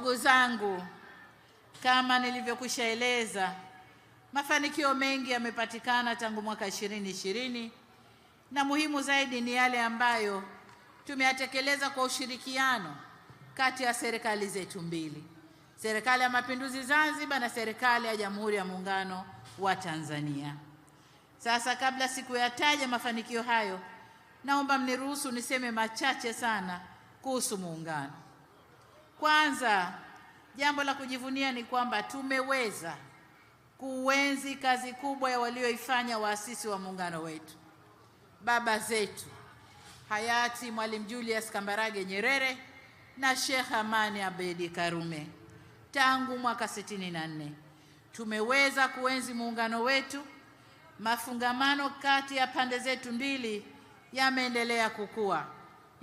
Ndugu zangu, kama nilivyokushaeleza, mafanikio mengi yamepatikana tangu mwaka ishirini ishirini na muhimu zaidi ni yale ambayo tumeyatekeleza kwa ushirikiano kati ya serikali zetu mbili, Serikali ya Mapinduzi Zanzibar na Serikali ya Jamhuri ya Muungano wa Tanzania. Sasa, kabla sikuyataja mafanikio hayo, naomba mniruhusu niseme machache sana kuhusu muungano. Kwanza, jambo la kujivunia ni kwamba tumeweza kuenzi kazi kubwa ya walioifanya waasisi wa muungano wetu, baba zetu hayati Mwalimu Julius Kambarage Nyerere na Sheikh Amani Abedi Karume. Tangu mwaka 64 tumeweza kuenzi muungano wetu. Mafungamano kati ya pande zetu mbili yameendelea kukua,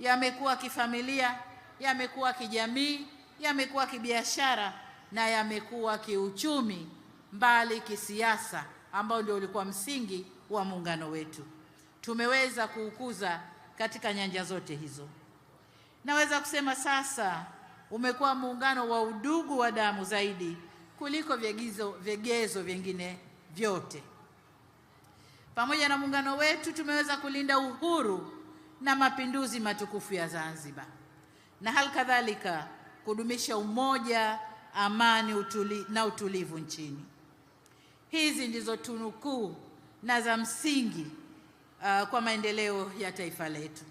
yamekuwa kifamilia, yamekuwa kijamii yamekuwa kibiashara na yamekuwa kiuchumi, mbali kisiasa, ambao ndio ulikuwa msingi wa muungano wetu. Tumeweza kuukuza katika nyanja zote hizo. Naweza kusema sasa umekuwa muungano wa udugu wa damu zaidi kuliko vigezo vigezo vingine vyote. Pamoja na muungano wetu, tumeweza kulinda uhuru na mapinduzi matukufu ya Zanzibar, na hali kadhalika kudumisha umoja, amani utuli, na utulivu nchini. Hizi ndizo tunukuu na za msingi uh, kwa maendeleo ya taifa letu.